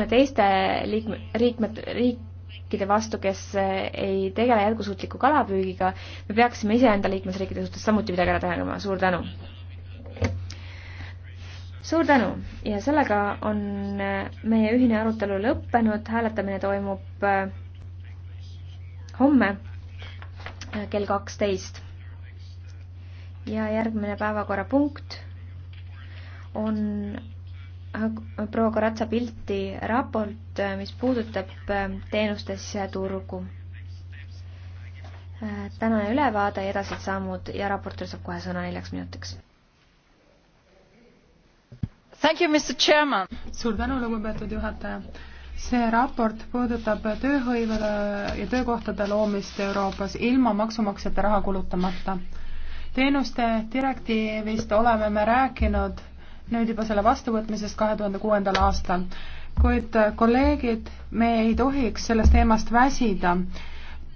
sanktsioone teiste liikme, liikmed, riikide vastu, kes eh, ei tegele jätkusuutliku kalapüügiga, me peaksime iseenda liikmesriikide suhtes samuti midagi ära tegema, suur tänu! suur tänu ja sellega on eh, meie ühine arutelu lõppenud, hääletamine toimub eh, homme kell kaksteist. ja järgmine päevakorrapunkt on proua Karatsa pilti raport, äh, mis puudutab äh, teenustes turgu. Äh, tänane ülevaade ja edasised sammud ja raportöör saab kohe sõna neljaks minutiks. suur tänu, lugupeetud juhataja see raport puudutab tööhõivele ja töökohtade loomist Euroopas ilma maksumaksjate raha kulutamata. teenuste direktiivist oleme me rääkinud nüüd juba selle vastuvõtmisest kahe tuhande kuuendal aastal. kuid äh, kolleegid, me ei tohiks sellest teemast väsida.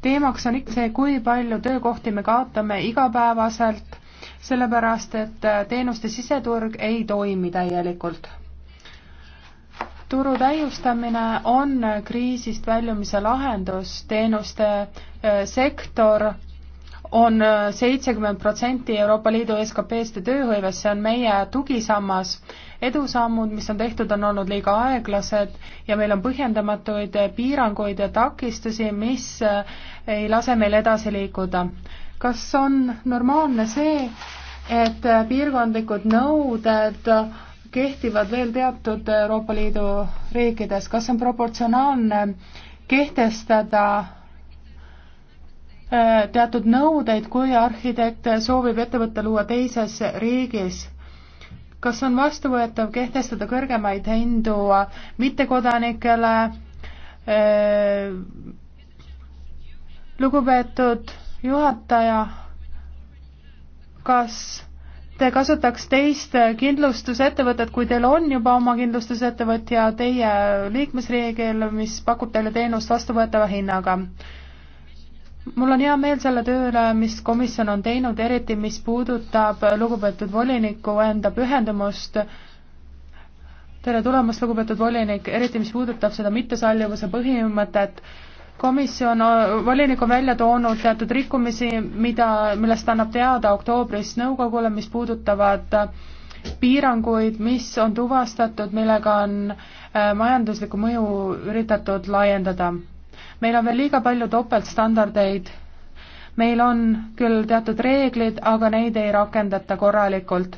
teemaks on ikka see, kui palju töökohti me kaotame igapäevaselt, sellepärast et äh, teenuste siseturg ei toimi täielikult. turu täiustamine on äh, kriisist väljumise lahendus, teenuste sektor on äh, seitsekümmend protsenti Euroopa Liidu SKP-st ja tööhõivest, see on meie tugisammas. edusammud, mis on tehtud, on olnud liiga aeglased ja meil on põhjendamatuid äh, piiranguid ja takistusi, mis äh, ei lase meil edasi liikuda. kas on normaalne see, et piirkondlikud nõuded kehtivad veel teatud Euroopa Liidu riikides, kas on proportsionaalne kehtestada Äh, teatud nõudeid, kui arhitekt soovib ettevõtte luua teises riigis. kas on vastuvõetav kehtestada kõrgemaid hindu mittekodanikele? Äh, lugupeetud juhataja, kas te kasutaks teist kindlustusettevõtet, kui teil on juba oma kindlustusettevõtja teie liikmesriigil, mis pakub teile teenust vastuvõetava hinnaga? mul on hea meel selle töö üle, mis komisjon on teinud, eriti mis puudutab lugupeetud voliniku enda pühendumust. tere tulemast, lugupeetud volinik, eriti mis puudutab seda mittesallivuse põhimõtet. komisjon, volinik on välja toonud teatud rikkumisi, mida, millest annab teada oktoobris nõukogule, mis puudutavad piiranguid, mis on tuvastatud, millega on äh, majanduslikku mõju üritatud laiendada meil on veel liiga palju topeltstandardeid, meil on küll teatud reeglid, aga neid ei rakendata korralikult.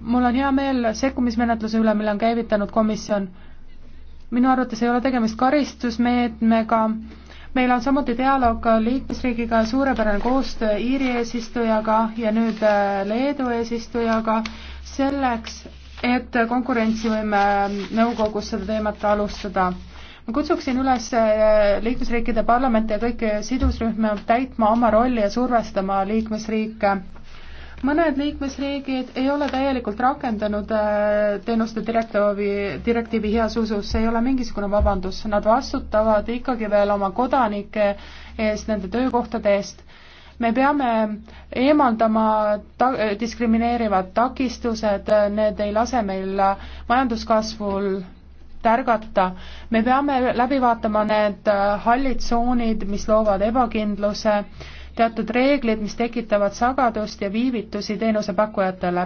mul on hea meel sekkumismenetluse üle, mille on käivitanud komisjon. minu arvates ei ole tegemist karistusmeetmega, meil on samuti dialoog liikmesriigiga, suurepärane koostöö Iiri eesistujaga ja nüüd äh, Leedu eesistujaga selleks, et konkurentsivõime nõukogus seda teemat alustada ma kutsuksin üles äh, liikmesriikide parlamente ja kõiki sidusrühmi täitma oma rolli ja survestama liikmesriike. mõned liikmesriigid ei ole täielikult rakendanud äh, teenuste direktiivi, direktiivi heas usus, see ei ole mingisugune vabandus, nad vastutavad ikkagi veel oma kodanike eest, nende töökohtade eest me peame eemaldama ta-, diskrimineerivad takistused, need ei lase meil majanduskasvul tärgata. me peame läbi vaatama need äh, hallid tsoonid, mis loovad ebakindluse, teatud reeglid, mis tekitavad sagadust ja viivitusi teenusepakkujatele.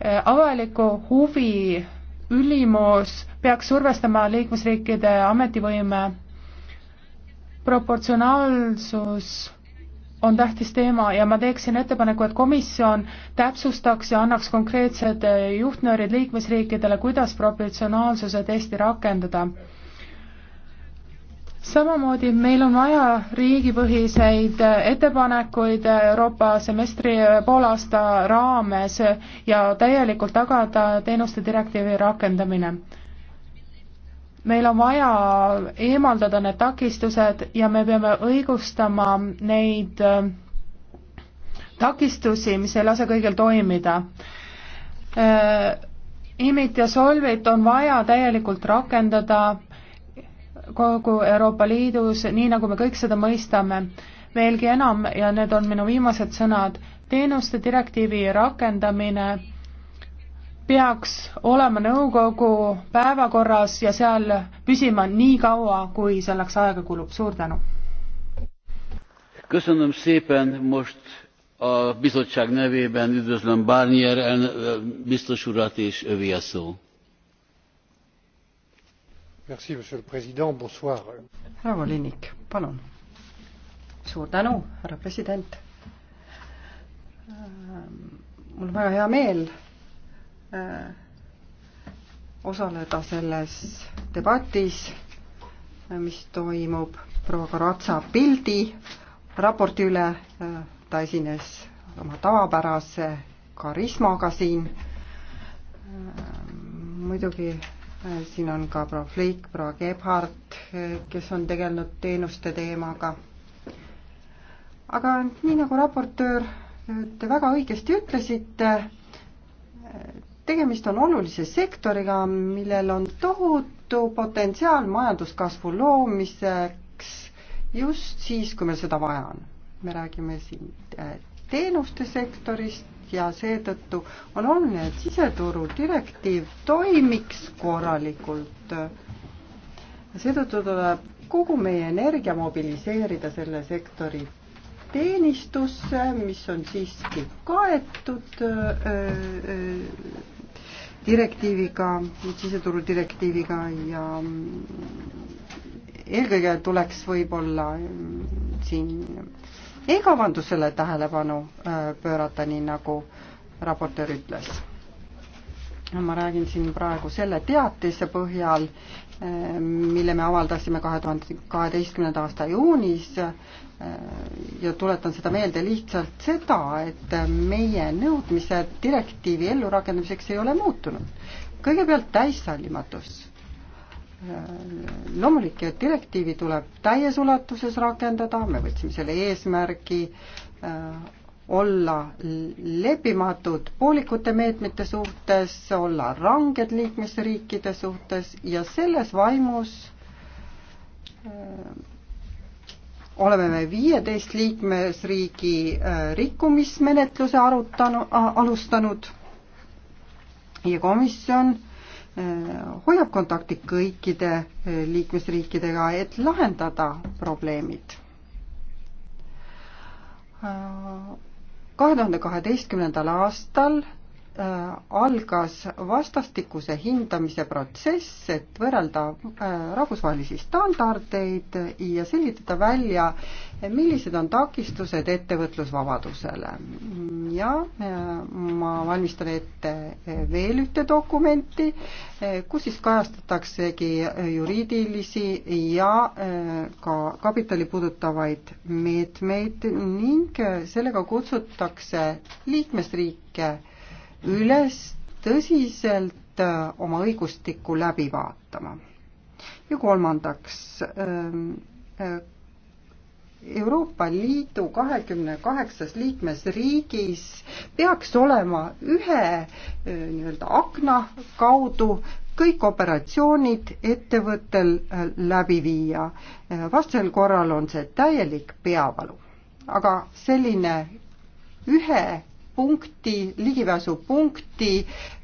Äh, avaliku huvi ülimus peaks survestama liikmesriikide ametivõime proportsionaalsus on tähtis teema ja ma teeksin ettepaneku, et komisjon täpsustaks ja annaks konkreetsed eh, juhtnöörid liikmesriikidele, kuidas proportsionaalsuse testi rakendada. samamoodi meil on vaja riigipõhiseid eh, ettepanekuid eh, Euroopa semestri poolaasta raames ja täielikult tagada teenuste direktiivi rakendamine meil on vaja eemaldada need takistused ja me peame õigustama neid äh, takistusi, mis ei lase kõigil toimida. Äh, IMIT ja Solvit on vaja täielikult rakendada kogu Euroopa Liidus, nii nagu me kõik seda mõistame. veelgi enam, ja need on minu viimased sõnad, teenuste direktiivi rakendamine peaks olema nõukogu päevakorras ja seal püsima nii kaua, kui selleks aega kulub. suur tänu. köszönöm szépen, most a bizottság nevében üdvözlöm Barnier elnö, biztos urat és övé a szó. Merci, monsieur le président, bonsoir. härra volinik, palun. suur tänu, härra president. mul on väga hea meel Äh, osaleda selles debatis, äh, mis toimub proua Karatsa pildi raporti üle. Äh, ta esines oma tavapärase karismaga siin. muidugi siin on ka proua Fleik, proua Gebhardt, kes on tegelenud teenuste teemaga. aga nii nagu raportöör, te väga õigesti ütlesite tegemist on olulise sektoriga, millel on tohutu potentsiaal majanduskasvu loomiseks just siis, kui meil seda vaja on. me räägime siin äh, teenuste sektorist ja seetõttu on oluline, et siseturu direktiiv toimiks korralikult. seetõttu tuleb kogu meie energia mobiliseerida selle sektori teenistusse, mis on siiski kaetud öö, äh, öö, äh, direktiiviga, siseturu direktiiviga ja eelkõige tuleks võib-olla mm, siin e-kaubandusele tähelepanu äh, pöörata, nii nagu raportöör ütles. ma räägin siin praegu selle teatise põhjal, äh, mille me avaldasime kahe tuhande kaheteistkümnenda aasta juunis ja tuletan seda meelde lihtsalt seda, et meie nõudmised direktiivi ellurakendamiseks ei ole muutunud. kõigepealt täissallimatus. loomulik, et direktiivi tuleb täies ulatuses rakendada, me võtsime selle eesmärgi äh, olla leppimatud poolikute meetmete suhtes, olla ranged liikmesriikide suhtes ja selles vaimus äh, oleme me viieteist liikmesriigi äh, rikkumismenetluse arutanud, alustanud ja komisjon äh, hoiab kontakti kõikide äh, liikmesriikidega, et lahendada probleemid. kahe tuhande kaheteistkümnendal aastal Äh, algas vastastikuse hindamise protsess, et võrrelda äh, rahvusvahelisi standardeid ja selgitada välja, millised on takistused ettevõtlusvabadusele. ja äh, ma valmistan ette veel ühte dokumenti, kus siis kajastataksegi juriidilisi ja ka kapitali puudutavaid meetmeid ning sellega kutsutakse liikmesriike üles tõsiselt äh, oma õigustikku läbi vaatama. ja kolmandaks, ähm, äh, Euroopa Liidu kahekümne kaheksas liikmesriigis peaks olema ühe äh, nii-öelda akna kaudu kõik operatsioonid ettevõttel läbi viia. vastasel korral on see täielik peavalu. aga selline ühe punkti, ligipääsupunkti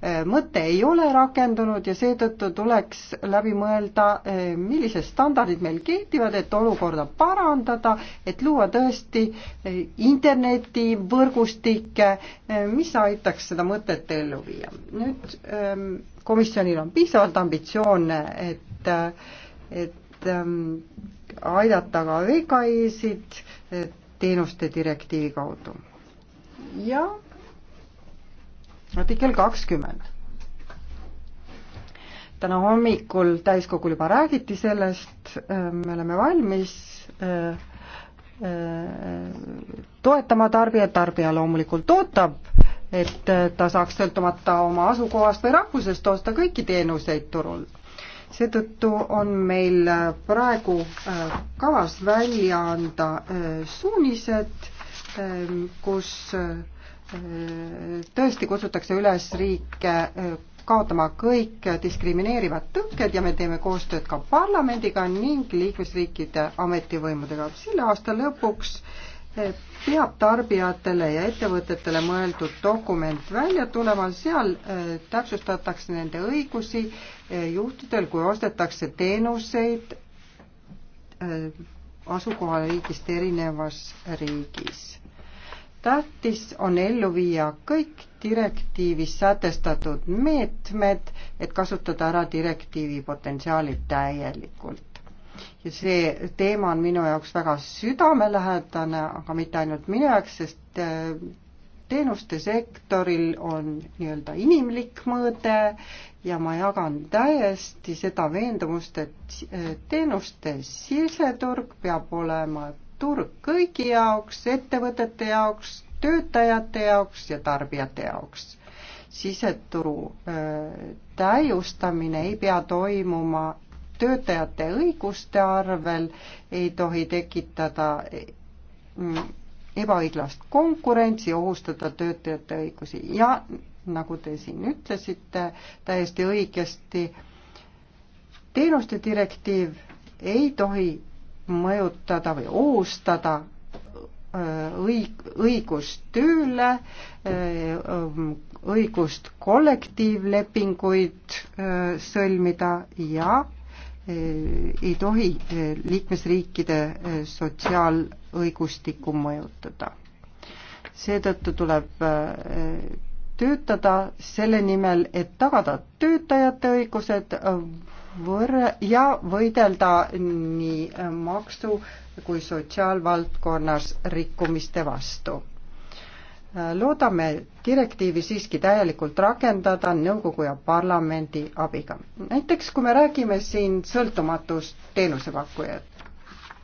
äh, mõte ei ole rakendunud ja seetõttu tuleks läbi mõelda, äh, millised standardid meil kehtivad, et olukorda parandada, et luua tõesti äh, internetivõrgustikke, mis aitaks seda mõtet ellu viia. nüüd ähm, komisjonil on piisavalt ambitsioone, et, et ähm, aidata ka VKI-sid teenuste direktiivi kaudu ja artikkel kakskümmend. täna hommikul täiskogul juba räägiti sellest, me oleme valmis äh, äh, toetama tarbijat, tarbija loomulikult ootab, et ta saaks sõltumata oma asukohast või rahvusest osta kõiki teenuseid turul seetõttu on meil praegu äh, kavas välja anda suunised Ähm, kus äh, tõesti kutsutakse üles riike äh, kaotama kõik diskrimineerivad tõkked ja me teeme koostööd ka parlamendiga ning liikmesriikide ametivõimudega. selle aasta lõpuks äh, peab tarbijatele ja ettevõtetele mõeldud dokument välja tulema, seal täpsustatakse nende õigusi juhtudel, kui ostetakse teenuseid asukohariigist erinevas riigis tähtis on ellu viia kõik direktiivis sätestatud meetmed, et kasutada ära direktiivi potentsiaali täielikult. ja see teema on minu jaoks väga südamelähedane, aga mitte ainult minu jaoks, sest äh, teenuste sektoril on nii-öelda inimlik mõõde ja ma jagan täiesti seda veendumust, et äh, teenuste siseturg peab olema turg kõigi jaoks, ettevõtete jaoks, töötajate jaoks ja tarbijate jaoks. siseturu täiustamine ei pea toimuma töötajate õiguste arvel, ei tohi tekitada mm, ebaõiglast konkurentsi, ohustada töötajate õigusi ja nagu te siin ütlesite täiesti õigesti, teenuste direktiiv ei tohi mõjutada või ohustada äh, õig-, õigust tööle, äh, õigust kollektiivlepinguid äh, sõlmida ja ei tohi liikmesriikide sotsiaalõigustikku mõjutada. seetõttu tuleb töötada selle nimel, et tagada töötajate õigused, võr- ja võidelda nii äh, maksu kui sotsiaalvaldkonnas rikkumiste vastu. Äh, loodame direktiivi siiski täielikult rakendada nõukogu ja parlamendi abiga. näiteks kui me räägime siin sõltumatust teenusepakkujat,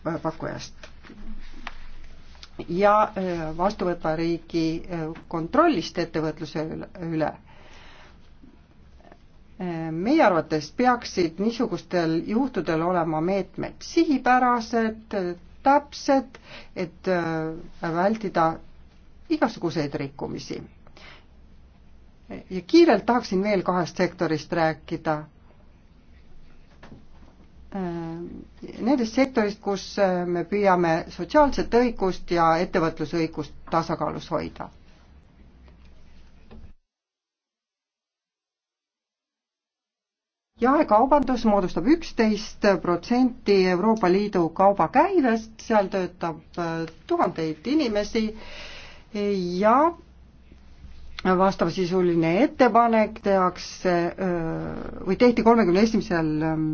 äh, pakkujast ja vastuvõtva riigi kontrollist ettevõtluse üle meie arvates peaksid niisugustel juhtudel olema meetmed sihipärased, täpsed, et äh, vältida igasuguseid rikkumisi. ja kiirelt tahaksin veel kahest sektorist rääkida. Äh, nendest sektorist, kus äh, me püüame sotsiaalset õigust ja ettevõtlusõigust tasakaalus hoida. jaekaubandus moodustab üksteist protsenti Euroopa Liidu kaubakäivest, seal töötab äh, tuhandeid inimesi ja vastavasisuline ettepanek tehakse äh, või tehti kolmekümne esimesel ähm,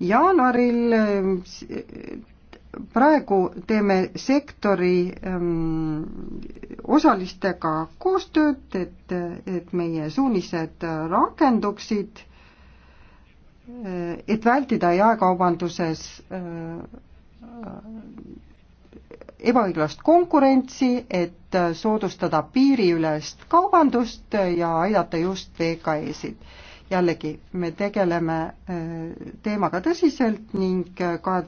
jaanuaril äh, praegu teeme sektori ähm, osalistega koostööd, et, et meie suunised rakenduksid, äh, et vältida jaekaubanduses äh, ebaõiglast konkurentsi, et soodustada piiriülest kaubandust ja aidata just VKE-sid. jällegi, me tegeleme äh, teemaga tõsiselt ning äh, ka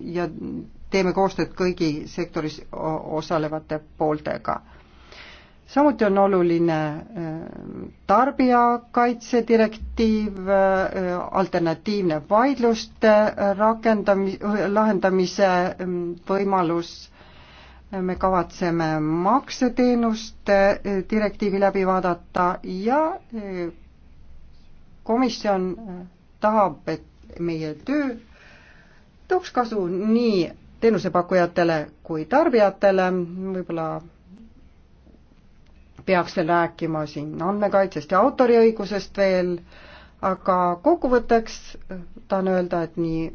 ja teeme koostööd kõigi sektoris osalevate pooltega. samuti on oluline äh, tarbijakaitse direktiiv, äh, alternatiivne vaidluste rakendamis, lahendamise mm, võimalus, me kavatseme makseteenuste äh, direktiivi läbi vaadata ja komisjon tahab, et meie töö tooks kasu nii teenusepakkujatele kui tarbijatele, võib-olla peaks veel rääkima siin andmekaitsest ja autoriõigusest veel, aga kokkuvõtteks tahan öelda, et nii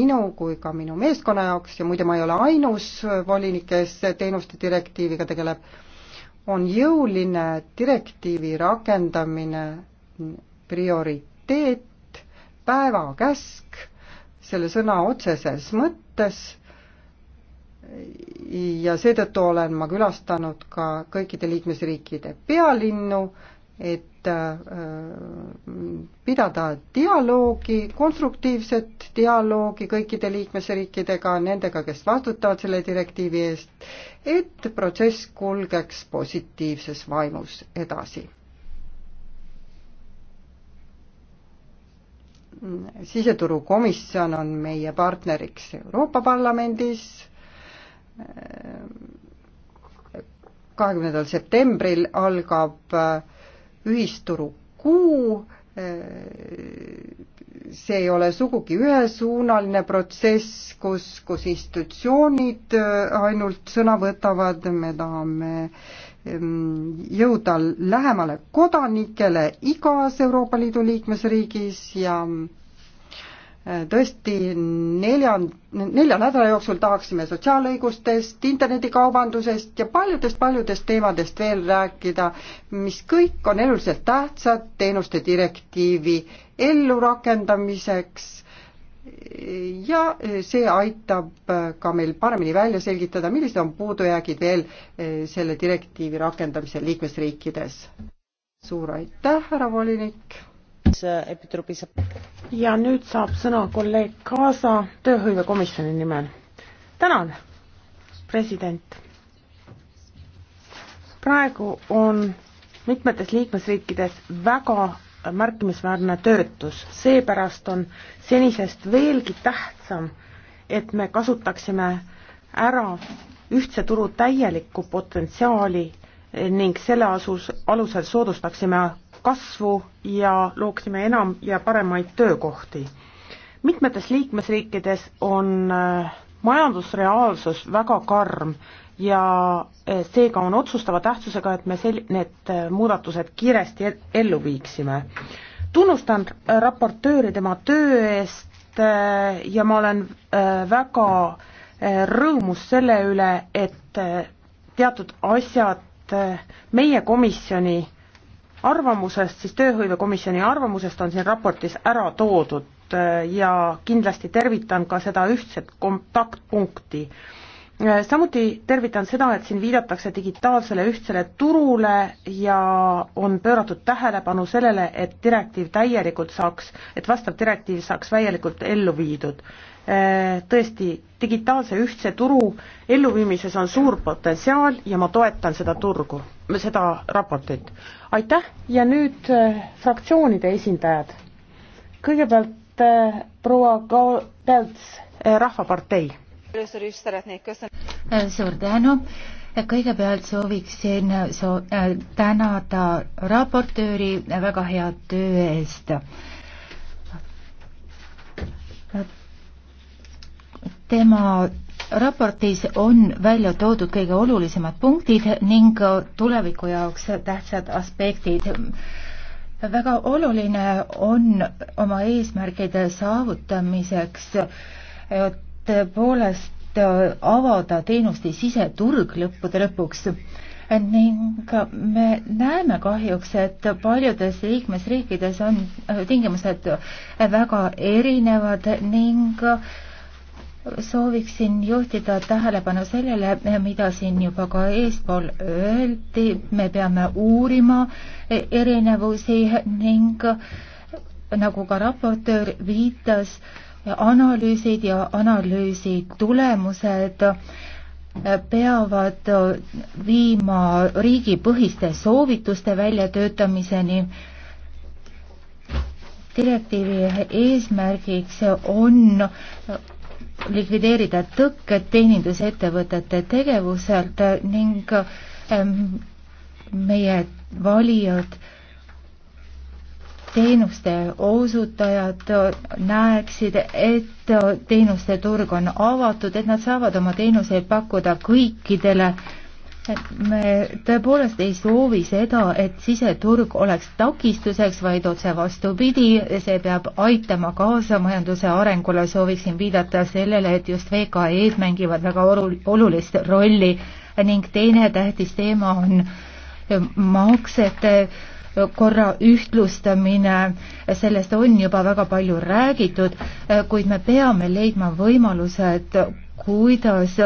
minu kui ka minu meeskonna jaoks ja muide, ma ei ole ainus volinik, kes teenuste direktiiviga tegeleb, on jõuline direktiivi rakendamine prioriteet, päevakäsk selle sõna otseses mõttes ja seetõttu olen ma külastanud ka kõikide liikmesriikide pealinnu, et äh, pidada dialoogi, konstruktiivset dialoogi kõikide liikmesriikidega, nendega, kes vastutavad selle direktiivi eest, et protsess kulgeks positiivses vaimus edasi siseturukomisjon on meie partneriks Euroopa Parlamendis. kahekümnendal septembril algab äh, ühisturu kuu. Äh, see ei ole sugugi ühesuunaline protsess, kus, kus institutsioonid äh, ainult sõna võtavad, me tahame äh, Ehm, jõuda lähemale kodanikele igas Euroopa Liidu liikmesriigis ja eh, tõesti nelja, nelja nädala jooksul tahaksime sotsiaalõigustest, internetikaubandusest ja paljudest-paljudest teemadest veel rääkida, mis kõik on eluliselt tähtsad teenuste direktiivi ellurakendamiseks ja see aitab ka meil paremini välja selgitada, millised on puudujäägid veel eh, selle direktiivi rakendamisel liikmesriikides. suur aitäh, härra volinik! ja nüüd saab sõna kolleeg Kaasa tööhõivekomisjoni nimel. tänan, president! praegu on mitmetes liikmesriikides väga märkimisväärne töötus, seepärast on senisest veelgi tähtsam, et me kasutaksime ära ühtse turu täielikku potentsiaali ning selle asus, alusel soodustaksime kasvu ja looksime enam ja paremaid töökohti. mitmetes liikmesriikides on äh, majandusreaalsus väga karm ja eh, seega on otsustava tähtsusega, et me sel-, need eh, muudatused kiiresti ellu viiksime. tunnustan eh, raportööri tema töö eest ja ma olen väga rõõmus selle üle, et teatud asjad meie komisjoni arvamusest, siis tööhõivekomisjoni arvamusest on siin raportis ära toodud Äh, ja kindlasti tervitan ka seda ühtset kontaktpunkti. Äh, samuti tervitan seda, et siin viidatakse digitaalsele ühtsele turule ja on pööratud tähelepanu sellele, et direktiiv täielikult saaks, et vastav direktiiv saaks täielikult ellu viidud äh, tõesti, digitaalse ühtse turu elluviimises on suur potentsiaal ja ma toetan seda turgu, seda raportit. aitäh ja nüüd fraktsioonide esindajad. kõigepealt järgnevalt eh, proua Kaul-Pelts, eh, Rahvapartei. Eh, suur tänu kõigepealt sooviksin so tänada raportööri väga hea töö eest. tema raportis on välja toodud kõige olulisemad punktid ning tuleviku jaoks tähtsad aspektid väga oluline on oma eesmärgide saavutamiseks tõepoolest avada teenuste siseturg lõppude lõpuks ning me näeme kahjuks, et paljudes liikmesriikides on tingimused väga erinevad ning äh, sooviksin juhtida tähelepanu sellele, mida siin juba ka eespool öeldi, me peame uurima erinevusi ning nagu ka raportöör viitas, analüüsid ja analüüsi tulemused peavad viima riigipõhiste soovituste väljatöötamiseni direktiivi eesmärgiks on likvideerida tõkked teenindusettevõtete tegevuselt ning ähm, meie valijad, teenuste osutajad näeksid, et teenuste turg on avatud, et nad saavad oma teenuseid pakkuda kõikidele me tõepoolest ei soovi seda, et siseturg oleks takistuseks, vaid otse vastupidi, see peab aitama kaasa majanduse arengule, sooviksin viidata sellele, et just VKE-d mängivad väga olulist rolli ning teine tähtis teema on maksete korra ühtlustamine, sellest on juba väga palju räägitud, kuid me peame leidma võimalused kuidas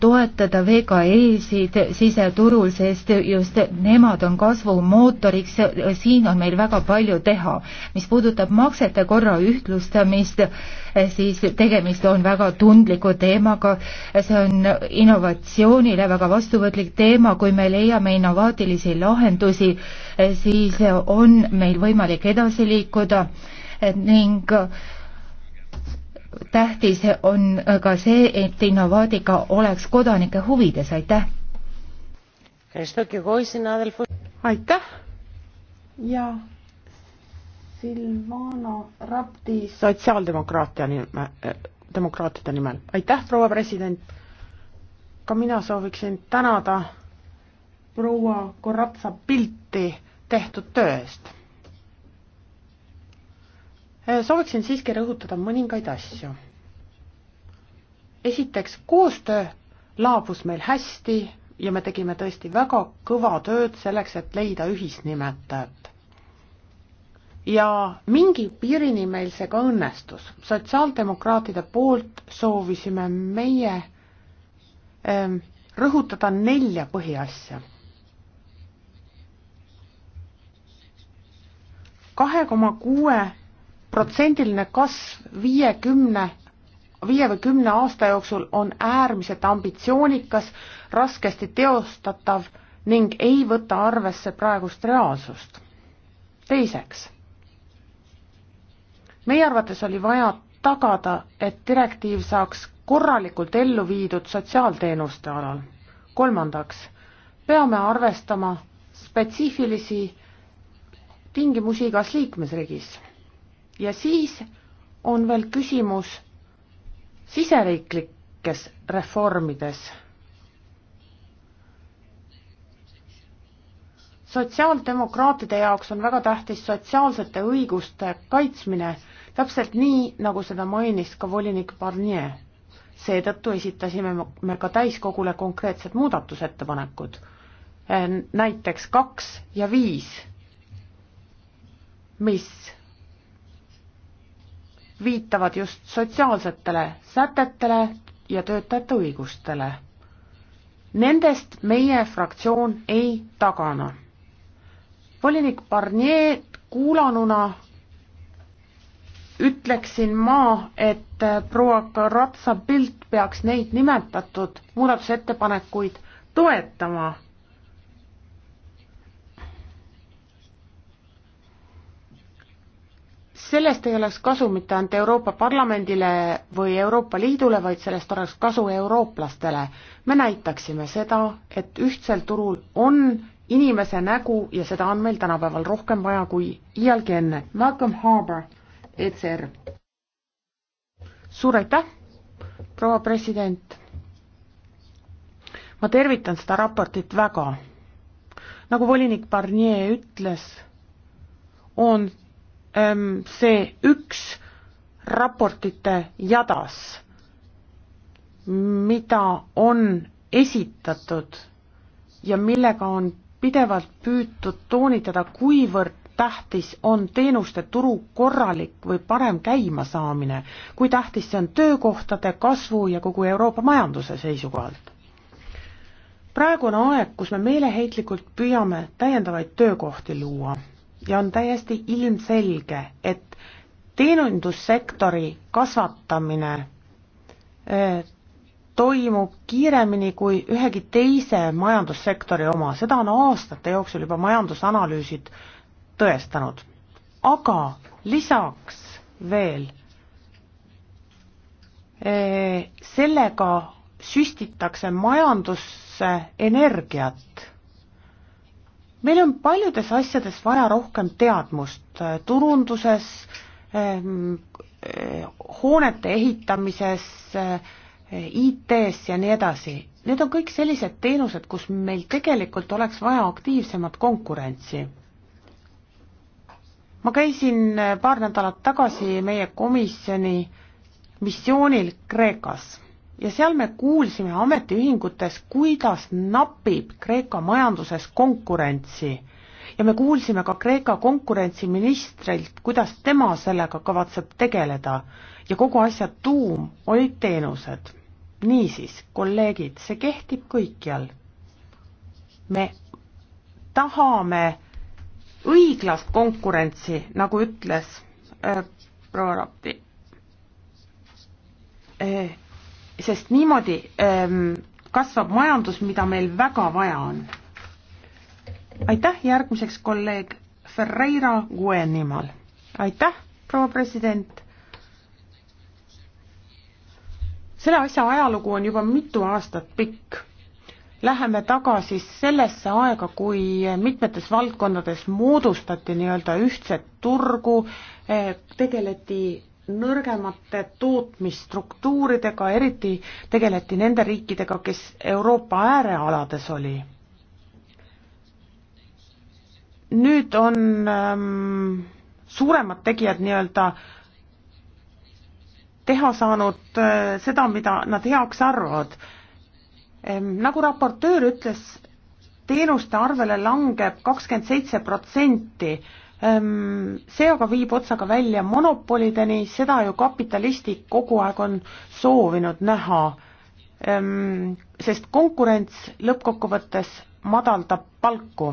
toetada VKE-sid siseturul, sest just nemad on kasvumootoriks, siin on meil väga palju teha. mis puudutab maksete korra ühtlustamist, siis tegemist on väga tundliku teemaga, see on innovatsioonile väga vastuvõtlik teema, kui me leiame innovaatilisi lahendusi, siis on meil võimalik edasi liikuda ning tähtis on ka see, et Innovaadiga oleks kodanike huvides, aitäh! aitäh ja Silvana Rapti sotsiaaldemokraatia nime, äh, demokraatide nimel, aitäh, proua president! ka mina sooviksin tänada proua Korratsa pilti tehtud töö eest Äh, sooviksin siiski rõhutada mõningaid asju. esiteks, koostöö laabus meil hästi ja me tegime tõesti väga kõva tööd selleks, et leida ühisnimetajat. ja mingi piirini meil see ka õnnestus. sotsiaaldemokraatide poolt soovisime meie ähm, rõhutada nelja põhiasja kahe koma kuue protsendiline kasv viiekümne, viie või kümne aasta jooksul on äärmiselt ambitsioonikas, raskesti teostatav ning ei võta arvesse praegust reaalsust. teiseks, meie arvates oli vaja tagada, et direktiiv saaks korralikult ellu viidud sotsiaalteenuste alal. kolmandaks, peame arvestama spetsiifilisi tingimusi igas liikmesriigis ja siis on veel küsimus siseriiklikes reformides. sotsiaaldemokraatide jaoks on väga tähtis sotsiaalsete õiguste kaitsmine, täpselt nii, nagu seda mainis ka volinik Barnier. seetõttu esitasime me ka täiskogule konkreetsed muudatusettepanekud, näiteks kaks ja viis, mis viitavad just sotsiaalsetele sätetele ja töötajate õigustele. Nendest meie fraktsioon ei tagana. volinik Barnier kuulanuna ütleksin ma, et proua Karatsa pilt peaks neid nimetatud muudatusettepanekuid toetama sellest ei oleks kasu mitte ainult Euroopa Parlamendile või Euroopa Liidule, vaid sellest oleks kasu eurooplastele. me näitaksime seda, et ühtsel turul on inimese nägu ja seda on meil tänapäeval rohkem vaja kui iialgi enne. Malcolm Harbour, ECR. suur aitäh, proua president. ma tervitan seda raportit väga. nagu volinik Barnier ütles, on see üks raportite jadas, mida on esitatud ja millega on pidevalt püütud toonitada, kuivõrd tähtis on teenuste turu korralik või parem käimasaamine, kui tähtis see on töökohtade kasvu ja kogu Euroopa majanduse seisukohalt. praegu on aeg, kus me meeleheitlikult püüame täiendavaid töökohti luua ja on täiesti ilmselge, et teenindussektori kasvatamine toimub kiiremini kui ühegi teise majandussektori oma, seda on aastate jooksul juba majandusanalüüsid tõestanud. aga lisaks veel sellega süstitakse majandusse energiat meil on paljudes asjades vaja rohkem teadmust, äh, turunduses, ähm, äh, hoonete ehitamises, äh, IT-s ja nii edasi. Need on kõik sellised teenused, kus meil tegelikult oleks vaja aktiivsemat konkurentsi. ma käisin paar nädalat tagasi meie komisjoni missioonil Kreekas ja seal me kuulsime ametiühingutes, kuidas napib Kreeka majanduses konkurentsi. ja me kuulsime ka Kreeka konkurentsiministrilt, kuidas tema sellega kavatseb tegeleda ja kogu asja tuum olid teenused. niisiis, kolleegid, see kehtib kõikjal. me tahame õiglast konkurentsi, nagu ütles äh, proua Rapti äh, sest niimoodi ähm, kasvab majandus, mida meil väga vaja on. aitäh, järgmiseks kolleeg Ferreira Gue nimal. aitäh, proua president. selle asja ajalugu on juba mitu aastat pikk läheme tagasi sellesse aega, kui mitmetes valdkondades moodustati nii-öelda ühtset turgu, eh, tegeleti nõrgemate tootmisstruktuuridega, eriti tegeleti nende riikidega, kes Euroopa äärealades oli. nüüd on ähm, suuremad tegijad nii-öelda teha saanud äh, seda, mida nad heaks arvavad ähm,. nagu raportöör ütles, teenuste arvele langeb kakskümmend seitse protsenti Ehm, see aga viib otsaga välja monopolideni, seda ju kapitalistid kogu aeg on soovinud näha, ehm, sest konkurents lõppkokkuvõttes madaldab palku.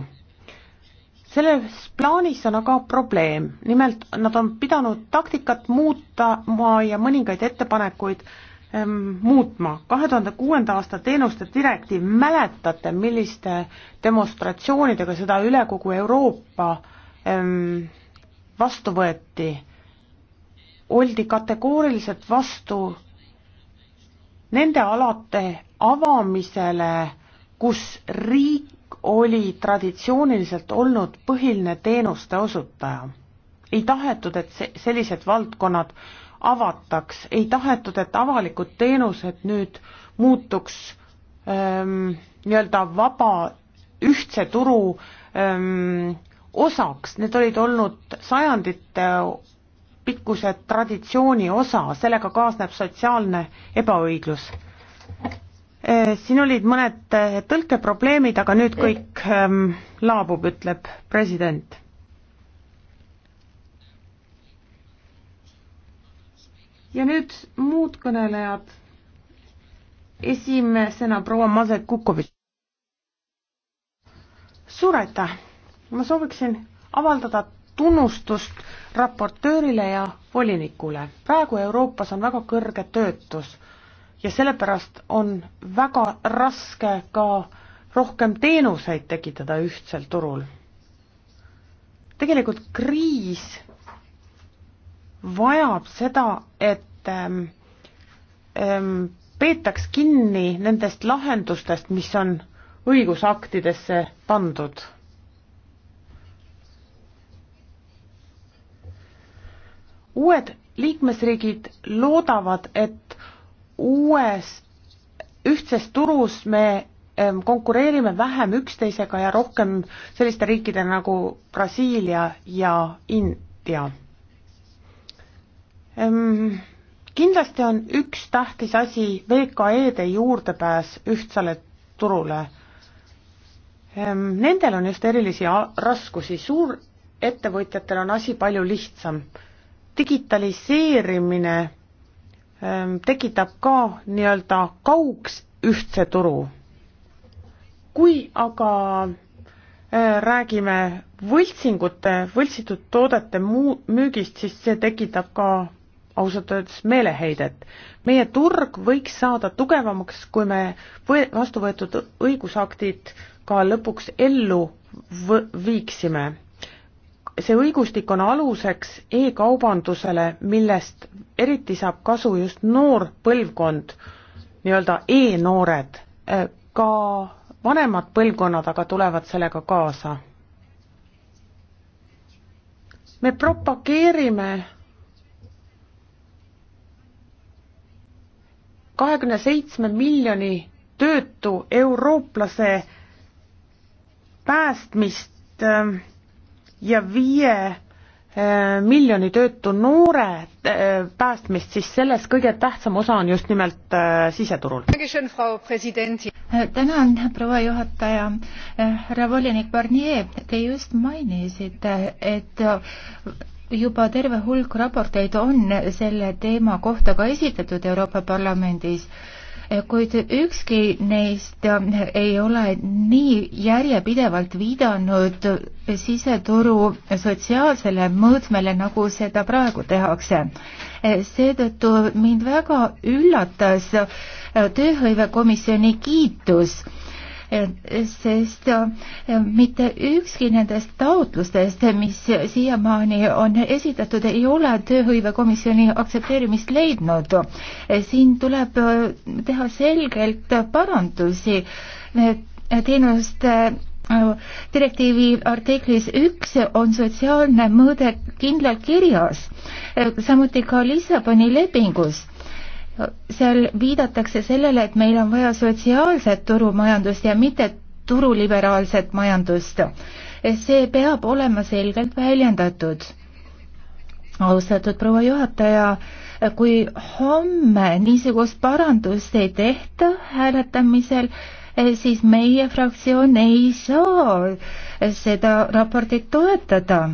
selles plaanis on aga probleem, nimelt nad on pidanud taktikat muutma ja mõningaid ettepanekuid ehm, muutma. kahe tuhande kuuenda aasta teenuste direktiiv, mäletate, milliste demonstratsioonidega seda üle kogu Euroopa äh, vastu võeti, oldi kategooriliselt vastu nende alate avamisele, kus riik oli traditsiooniliselt olnud põhiline teenuste osutaja. ei tahetud, et sellised valdkonnad avataks, ei tahetud, et avalikud teenused nüüd muutuks ähm, nii-öelda vaba ühtse turu ähm, osaks, need olid olnud sajandite pikkuse traditsiooni osa, sellega kaasneb sotsiaalne ebaõiglus. Eh, siin olid mõned eh, tõlkeprobleemid, aga nüüd kõik ähm, laabub, ütleb president. ja nüüd muud kõnelejad. esimesena proua Mazet Kukovitš. suur aitäh ma sooviksin avaldada tunnustust raportöörile ja volinikule. praegu Euroopas on väga kõrge töötus ja sellepärast on väga raske ka rohkem teenuseid tekitada ühtsel turul. tegelikult kriis vajab seda, et ähm, ähm, peetaks kinni nendest lahendustest, mis on õigusaktidesse pandud uued liikmesriigid loodavad, et uues ühtses turus me konkureerime vähem üksteisega ja rohkem selliste riikide nagu Brasiilia ja India. kindlasti on üks tähtis asi VKE-de juurdepääs ühtsale turule. Nendel on just erilisi raskusi, suurettevõtjatel on asi palju lihtsam digitaliseerimine ähm, tekitab ka nii-öelda kaugs ühtse turu. kui aga äh, räägime võltsingute, võltsitud toodete muu-, müügist, siis see tekitab ka ausalt öeldes meeleheidet. meie turg võiks saada tugevamaks, kui me või-, vastu võetud õigusaktid ka lõpuks ellu viiksime see õigustik on aluseks e-kaubandusele, millest eriti saab kasu just noor põlvkond, nii-öelda e-noored, ka vanemad põlvkonnad aga tulevad sellega kaasa. me propageerime kahekümne seitsme miljoni töötu eurooplase päästmist äh, ja viie eh, miljoni töötu noore eh, päästmist, siis selles kõige tähtsam osa on just nimelt eh, siseturul. tänan, proua juhataja. härra volinik Barnier, te just mainisite, et juba terve hulk raporteid on selle teema kohta ka esitatud Euroopa Parlamendis Eh, kuid ükski neist eh, ei ole nii järjepidevalt viidanud siseturu sotsiaalsele mõõtmele, nagu seda praegu tehakse. Eh, seetõttu mind väga üllatas tööhõivekomisjoni kiitus äh, sest äh, mitte ükski nendest taotlustest, mis siiamaani on esitatud, ei ole tööhõivekomisjoni aktsepteerimist leidnud. siin tuleb äh, teha selgelt parandusi äh, teenuste direktiivi artiklis üks on sotsiaalne mõõde kindlalt kirjas, samuti ka Lissaboni lepingus seal viidatakse sellele, et meil on vaja sotsiaalset turumajandust ja mitte turuliberaalset majandust. see peab olema selgelt väljendatud. austatud proua juhataja, kui homme niisugust parandust ei tehta hääletamisel, siis meie fraktsioon ei saa seda raportit toetada.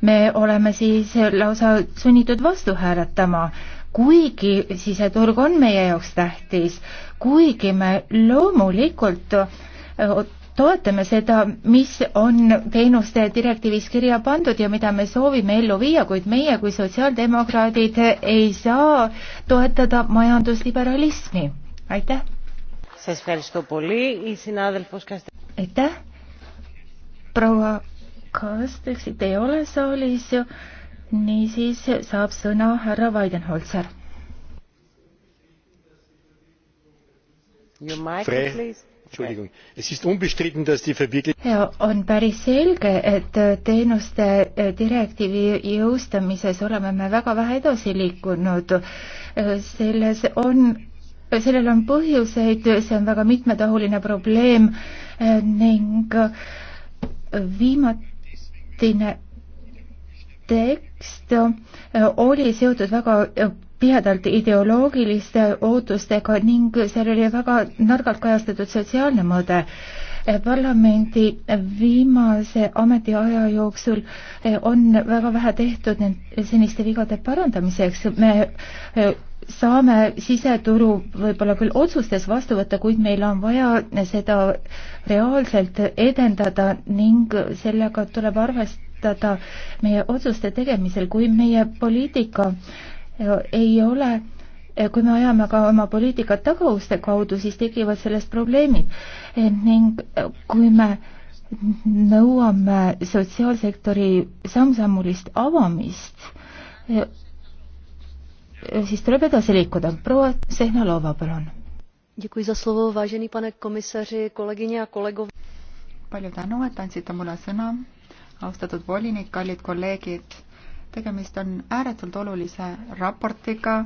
me oleme siis lausa sunnitud vastu hääletama kuigi siseturg on meie jaoks tähtis, kuigi me loomulikult toetame seda, mis on teenuste direktiivis kirja pandud ja mida me soovime ellu viia, kuid meie kui sotsiaaldemokraadid ei saa toetada majandusliberalismi. aitäh! aitäh! proua Kasteks, te ei ole saalis ju niisiis saab sõna härra Weidenholzer. on päris selge, et äh, teenuste äh, direktiivi jõustamises oleme me väga vähe edasi liikunud. Äh, selles on sellel on põhjuseid, see on väga mitmetahuline probleem ning viimatine tekst äh, oli seotud väga tihedalt äh, ideoloogiliste ootustega ning seal oli väga nõrgalt kajastatud sotsiaalne mõõde. Äh, parlamendi viimase ametiaja jooksul on väga vähe tehtud seniste vigade parandamiseks. me saame siseturu võib-olla küll otsustes vastu võtta, kuid meil on vaja seda reaalselt edendada ning sellega tuleb arvestada toetada meie otsuste tegemisel, kui meie poliitika äh, ei ole äh, kui me ajame ka oma poliitikat tagauste kaudu, siis tekivad sellest probleemid äh, ning kui me nõuame sotsiaalsektori samm-sammulist avamist, siis tuleb edasi liikuda. proua Sehnalova, palun. palju tänu, et andsite mulle sõna austatud volinik, kallid kolleegid, tegemist on ääretult olulise raportiga,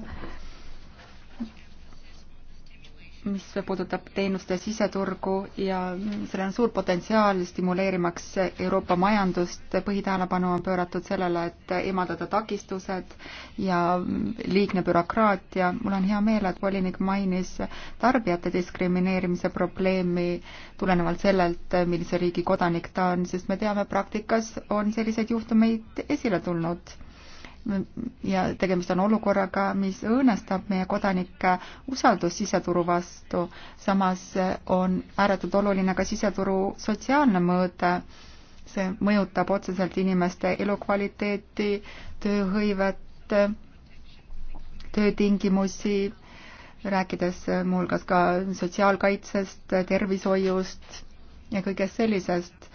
mis puudutab teenuste siseturgu ja sellel on suur potentsiaal stimuleerimaks Euroopa majandust. põhitähelepanu on pööratud sellele, et eemaldada takistused ja liigne bürokraatia. mul on hea meel, et volinik mainis tarbijate diskrimineerimise probleemi tulenevalt sellelt, millise riigi kodanik ta on, sest me teame, praktikas on selliseid juhtumeid esile tulnud ja tegemist on olukorraga, mis õõnestab meie kodanike usaldust siseturu vastu. samas on ääretult oluline ka siseturu sotsiaalne mõõde. see mõjutab otseselt inimeste elukvaliteeti, tööhõivet, töötingimusi, rääkides muuhulgas ka sotsiaalkaitsest, tervishoiust ja kõigest sellisest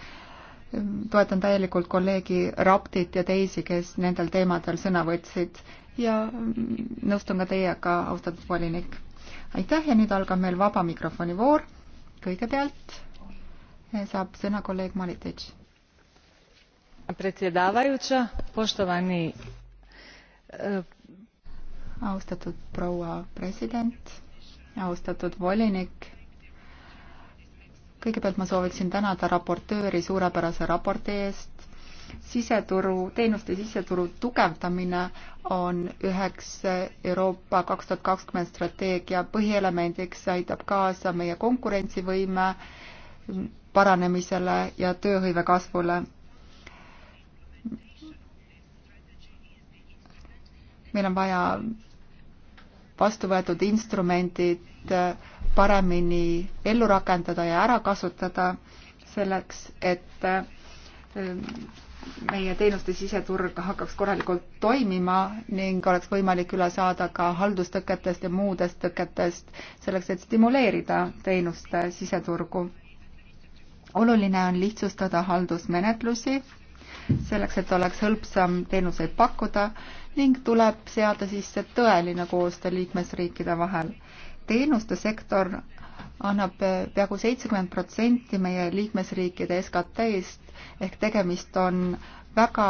toetan täielikult kolleegi Raptit ja teisi, kes nendel teemadel sõna võtsid ja mm, nõustun ka teiega, austatud volinik. aitäh ja nüüd algab meil vaba mikrofoni voor. kõigepealt eh, saab sõna kolleeg Malititš. Eh, austatud proua president, austatud volinik kõigepealt ma sooviksin tänada raportööri suurepärase raporti eest. siseturu, teenuste siseturu tugevdamine on üheks Euroopa kaks tuhat kakskümmend strateegia põhielemendiks, aitab kaasa meie konkurentsivõime paranemisele ja tööhõive kasvule. meil on vaja vastu võetud instrumendid neid äh, paremini ellu rakendada ja ära kasutada selleks, et äh, meie teenuste siseturg hakkaks korralikult toimima ning oleks võimalik üle saada ka haldustõketest ja muudest tõketest selleks, et stimuleerida teenuste siseturgu. oluline on lihtsustada haldusmenetlusi selleks, et oleks hõlpsam teenuseid pakkuda ning tuleb seada sisse tõeline koostöö liikmesriikide vahel teenuste sektor annab peaaegu seitsekümmend protsenti meie liikmesriikide SKT-st ehk tegemist on väga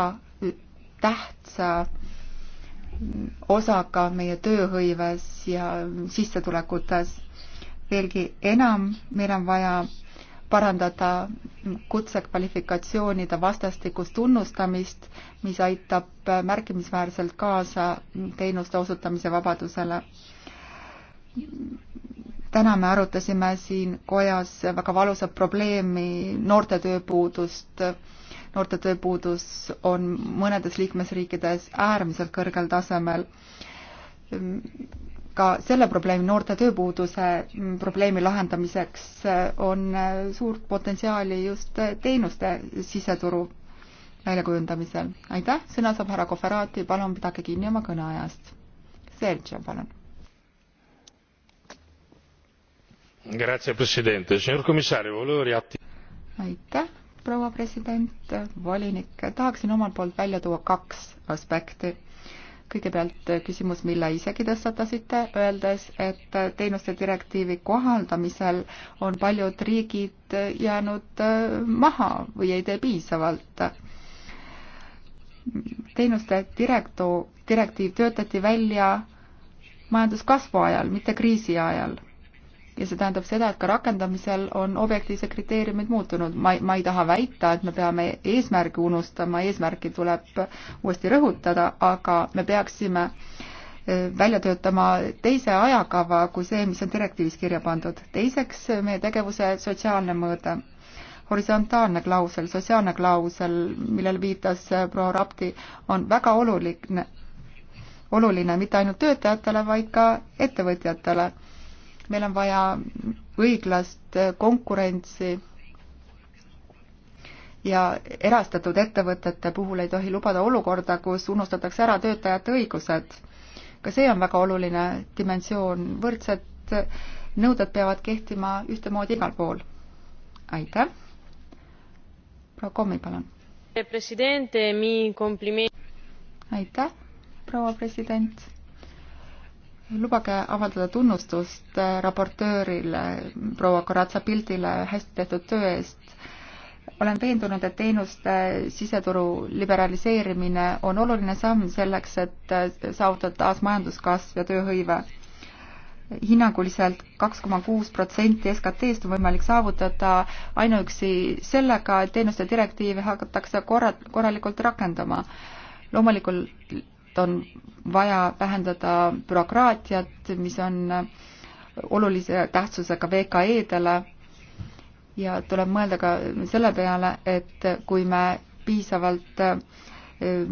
tähtsa osaga meie tööhõives ja sissetulekutes. veelgi enam, meil on vaja parandada kutsekvalifikatsioonide vastastikust tunnustamist, mis aitab märkimisväärselt kaasa teenuste osutamise vabadusele täna me arutasime siin kojas väga valusat probleemi, noorte tööpuudust. noorte tööpuudus on mõnedes liikmesriikides äärmiselt kõrgel tasemel. ka selle probleemi, noorte tööpuuduse probleemi lahendamiseks on suurt potentsiaali just teenuste siseturu väljakujundamisel. aitäh, sõna saab härra Koferaati, palun pidage kinni oma kõneajast. Sergio, palun aitäh, proua president, volinik, tahaksin omalt poolt välja tuua kaks aspekti. kõigepealt küsimus, mille isegi tõstatasite, öeldes, et teenuste direktiivi kohaldamisel on paljud riigid jäänud äh, maha või ei tee piisavalt teenuste direkto-, direktiiv töötati välja majanduskasvu ajal, mitte kriisi ajal ja see tähendab seda, et ka rakendamisel on objektiivsed kriteeriumid muutunud. ma ei, ma ei taha väita, et me peame eesmärgi unustama, eesmärki tuleb uuesti rõhutada, aga me peaksime eh, välja töötama teise ajakava kui see, mis on direktiivis kirja pandud. teiseks, meie tegevuse sotsiaalne mõõde, horisontaalne klausel, sotsiaalne klausel, millele viitas eh, proua Rapti, on väga oluline, oluline mitte ainult töötajatele, vaid ka ettevõtjatele meil on vaja õiglast konkurentsi ja erastatud ettevõtete puhul ei tohi lubada olukorda, kus unustatakse ära töötajate õigused. ka see on väga oluline dimensioon, võrdsed nõuded peavad kehtima ühtemoodi igal pool. aitäh. proua Kommi, palun. aitäh, proua president lubage avaldada tunnustust äh, raportöörile, proua Koratsa Pildile hästi tehtud töö eest. olen veendunud, et teenuste siseturu liberaliseerimine on oluline samm selleks, et äh, saavutada taas majanduskasv ja tööhõive. hinnanguliselt kaks koma kuus protsenti SKT-st on võimalik saavutada ainuüksi sellega, et teenuste direktiivi hakatakse korra, korralikult rakendama loomulikult on vaja vähendada bürokraatiat, mis on olulise tähtsusega VKE-dele ja tuleb mõelda ka selle peale, et kui me piisavalt eh,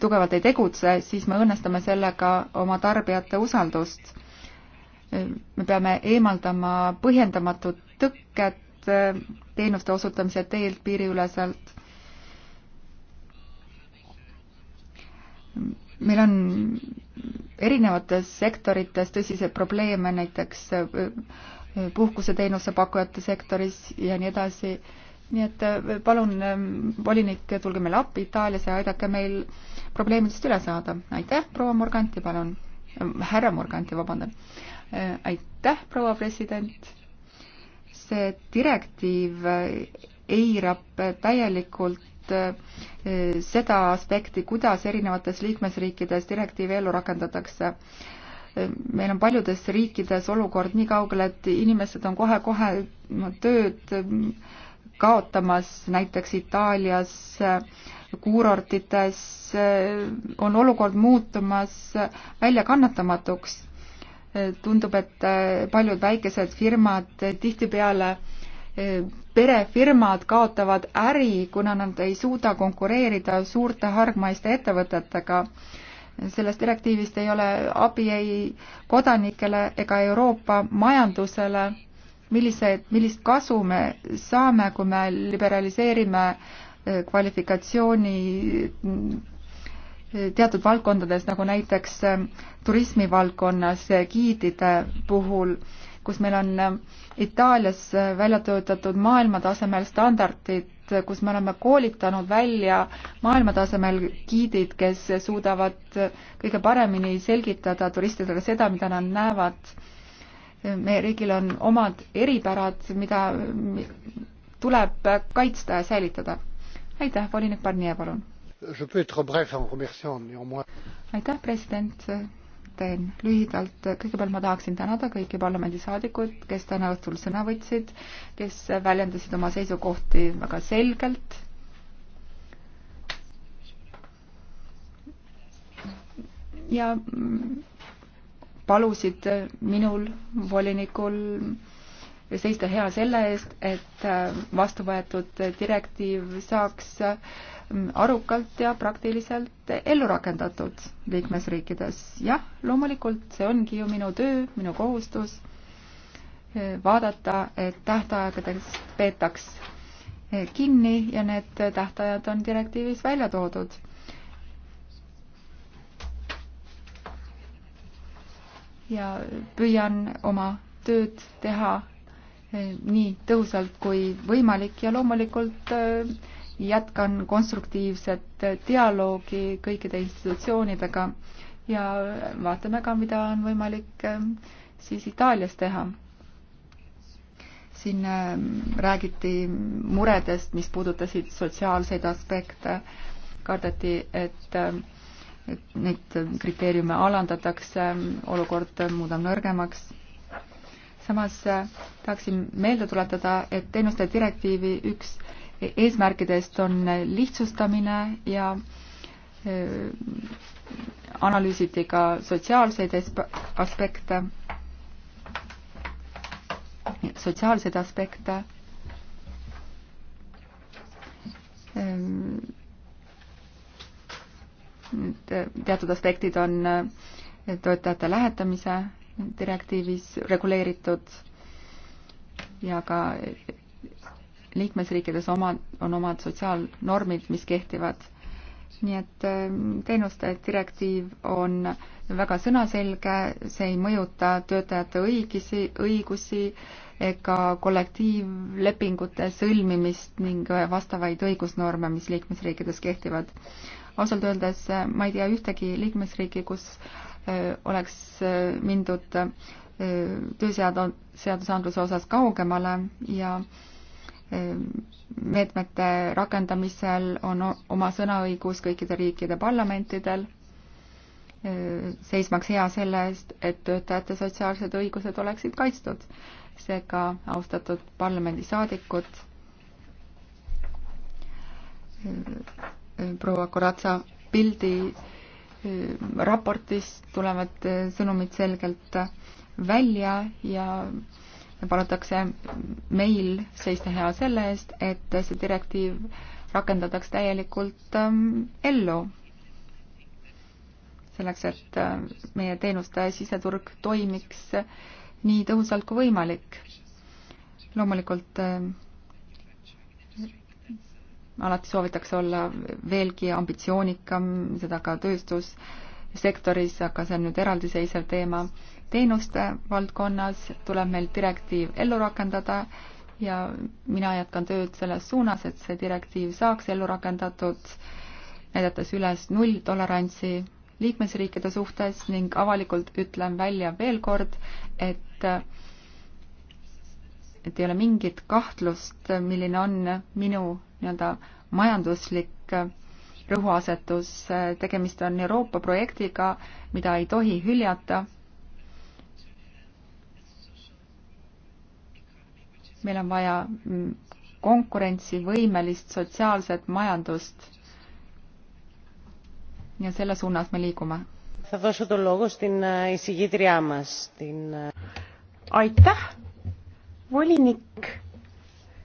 tugevalt ei tegutse, siis me õnnestame sellega oma tarbijate usaldust. Eh, me peame eemaldama põhjendamatud tõkked eh, teenuste osutamise teelt piiriüleselt meil on erinevates sektorites tõsiseid probleeme, näiteks äh, äh, puhkuseteenuse pakkujate sektoris ja nii edasi. nii et äh, palun, ähm, volinik, tulge meile appi Itaalias ja aidake meil probleemidest üle saada. aitäh, proua Morganti, palun. Ähm, härra Morganti, vabandan. aitäh, proua president. see direktiiv eirab täielikult E, seda aspekti, kuidas erinevates liikmesriikides direktiivi ellu rakendatakse. E, meil on paljudes riikides olukord nii kaugel, et inimesed on kohe-kohe tööd kaotamas, näiteks Itaalias, kuurortides e, on olukord muutumas väljakannatamatuks tundub, et paljud väikesed firmad tihtipeale perefirmad kaotavad äri, kuna nad ei suuda konkureerida suurte hargmaiste ettevõtetega. sellest direktiivist ei ole abi ei kodanikele ega Euroopa majandusele. millised, millist kasu me saame, kui me liberaliseerime e, kvalifikatsiooni e, teatud valdkondades, nagu näiteks e, turismivaldkonnas giidide puhul kus meil on äh, Itaalias äh, välja töötatud maailmatasemel standardid, kus me oleme koolitanud välja maailmatasemel giidid, kes suudavad äh, kõige paremini selgitada turistidele seda, mida nad näevad. meie riigil on omad eripärad, mida tuleb kaitsta ja säilitada. aitäh, volinik Barnier, palun! aitäh, president! teen lühidalt. kõigepealt ma tahaksin tänada kõiki parlamendisaadikuid, kes täna õhtul sõna võtsid, kes väljendasid oma seisukohti väga selgelt. ja palusid minul, volinikul seista hea selle eest, et vastu võetud direktiiv saaks äh, arukalt ja praktiliselt ellu rakendatud liikmesriikides. jah, loomulikult see ongi ju minu töö, minu kohustus eh, vaadata, et tähtaegadest peetaks eh, kinni ja need tähtajad on direktiivis välja toodud. ja püüan oma tööd teha eh, nii tõhusalt kui võimalik ja loomulikult äh, jätkan konstruktiivset dialoogi kõikide institutsioonidega ja vaatame ka, mida on võimalik ähm, siis Itaalias teha. siin ähm, räägiti muredest, mis puudutasid sotsiaalseid aspekte, kardeti, et ähm, neid kriteeriume alandatakse, olukord muudab nõrgemaks. samas äh, tahaksin meelde tuletada, et teenuste direktiivi üks eesmärkidest on lihtsustamine ja analüüsiti ka sotsiaalseid aspekte, sotsiaalseid aspekte. teatud aspektid on töötajate lähetamise direktiivis reguleeritud ja ka liikmesriikides oma, on omad sotsiaalnormid, mis kehtivad. nii et ähm, teenuste direktiiv on väga sõnaselge, see ei mõjuta töötajate õigisi, õigusi ega kollektiivlepingute sõlmimist ning äh, vastavaid õigusnorme, mis liikmesriikides kehtivad. ausalt öeldes äh, ma ei tea ühtegi liikmesriiki, kus äh, oleks mindud tööseadusandluse osas kaugemale ja äh, meetmete rakendamisel on oma sõnaõigus kõikide riikide parlamentidel, e, seismaks hea selle eest, et töötajate sotsiaalsed õigused oleksid kaitstud. seega, austatud parlamendisaadikud, e, e, proua Koratsa pildi raportist tulevad sõnumid selgelt välja ja palutakse meil seista hea selle eest, et see direktiiv rakendatakse täielikult ähm, ellu. selleks, et äh, meie teenuste siseturg toimiks nii tõhusalt kui võimalik. loomulikult äh, alati soovitakse olla veelgi ambitsioonikam, seda ka tööstussektoris, aga see on nüüd eraldiseisev teema teenuste valdkonnas tuleb meil direktiiv ellu rakendada ja mina jätkan tööd selles suunas, et see direktiiv saaks ellu rakendatud, näidates üles nulltolerantsi liikmesriikide suhtes ning avalikult ütlen välja veel kord, et et ei ole mingit kahtlust, milline on minu nii-öelda majanduslik rõhuasetus, tegemist on Euroopa projektiga, mida ei tohi hüljata meil on vaja mm, konkurentsivõimelist sotsiaalset majandust. ja selle suunas me liigume. aitäh, volinik.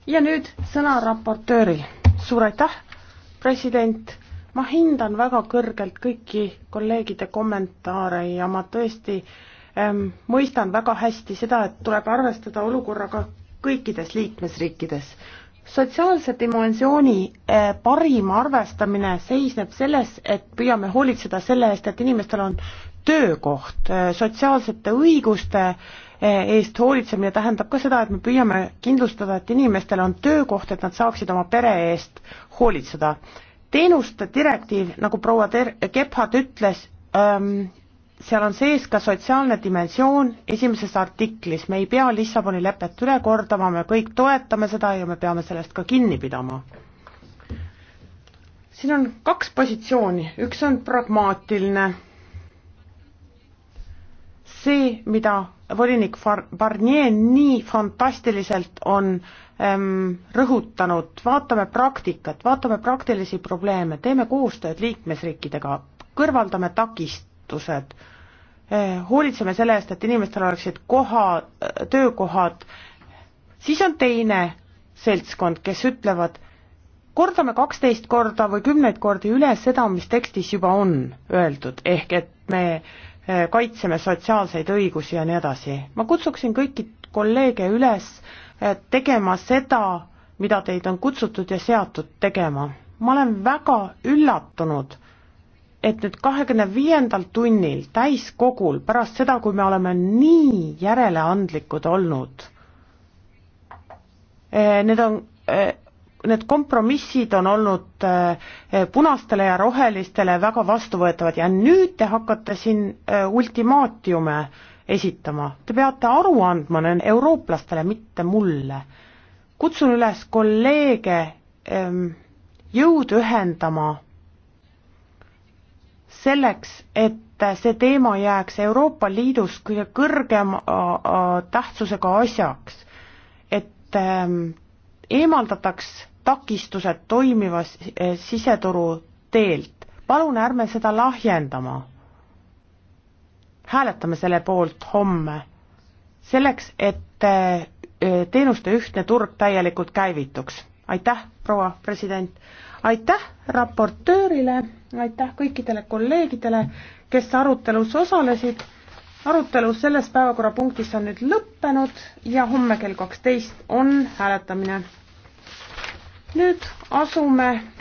ja nüüd sõna raportööril. suur aitäh, president. ma hindan väga kõrgelt kõiki kolleegide kommentaare ja ma tõesti ähm, mõistan väga hästi seda, et tuleb arvestada olukorraga kõikides liikmesriikides. sotsiaalse dimensiooni eh, parim arvestamine seisneb selles, et püüame hoolitseda selle eest, et inimestel on töökoht, eh, sotsiaalsete õiguste eh, eest hoolitsemine tähendab ka seda, et me püüame kindlustada, et inimestel on töökoht, et nad saaksid oma pere eest hoolitseda. teenuste direktiiv, nagu proua Ter-, Gebhard ütles ähm,, seal on sees ka sotsiaalne dimensioon esimeses artiklis, me ei pea Lissaboni lepet üle kordama, me kõik toetame seda ja me peame sellest ka kinni pidama. siin on kaks positsiooni, üks on pragmaatiline, see, mida volinik Far-, Barnier nii fantastiliselt on ähm, rõhutanud, vaatame praktikat, vaatame praktilisi probleeme, teeme koostööd liikmesriikidega, kõrvaldame takist-, muudatused. Eh, hoolitseme selle eest, et inimestel oleksid koha, töökohad, siis on teine seltskond, kes ütlevad, kordame kaksteist korda või kümneid kordi üle seda, mis tekstis juba on öeldud, ehk et me eh, kaitseme sotsiaalseid õigusi ja nii edasi. ma kutsuksin kõiki kolleege üles eh, tegema seda, mida teid on kutsutud ja seatud tegema. ma olen väga üllatunud, et nüüd kahekümne viiendal tunnil täiskogul, pärast seda, kui me oleme nii järeleandlikud olnud, eh, need on, eh, need kompromissid on olnud eh, punastele ja rohelistele väga vastuvõetavad ja nüüd te hakkate siin ultimaatiume esitama, te peate aru andma nendele eurooplastele, mitte mulle. kutsun üles kolleege ehm, jõud ühendama selleks, et see teema jääks Euroopa Liidus kõige kõrgema äh, äh, tähtsusega asjaks, et ähm, eemaldataks takistused toimiva äh, siseturu teelt. palun ärme seda lahjendama. hääletame selle poolt homme, selleks et teenuste ühtne turg täielikult käivituks. aitäh, proua president aitäh raportöörile, aitäh kõikidele kolleegidele, kes arutelus osalesid. arutelu selles päevakorrapunktis on nüüd lõppenud ja homme kell kaksteist on hääletamine. nüüd asume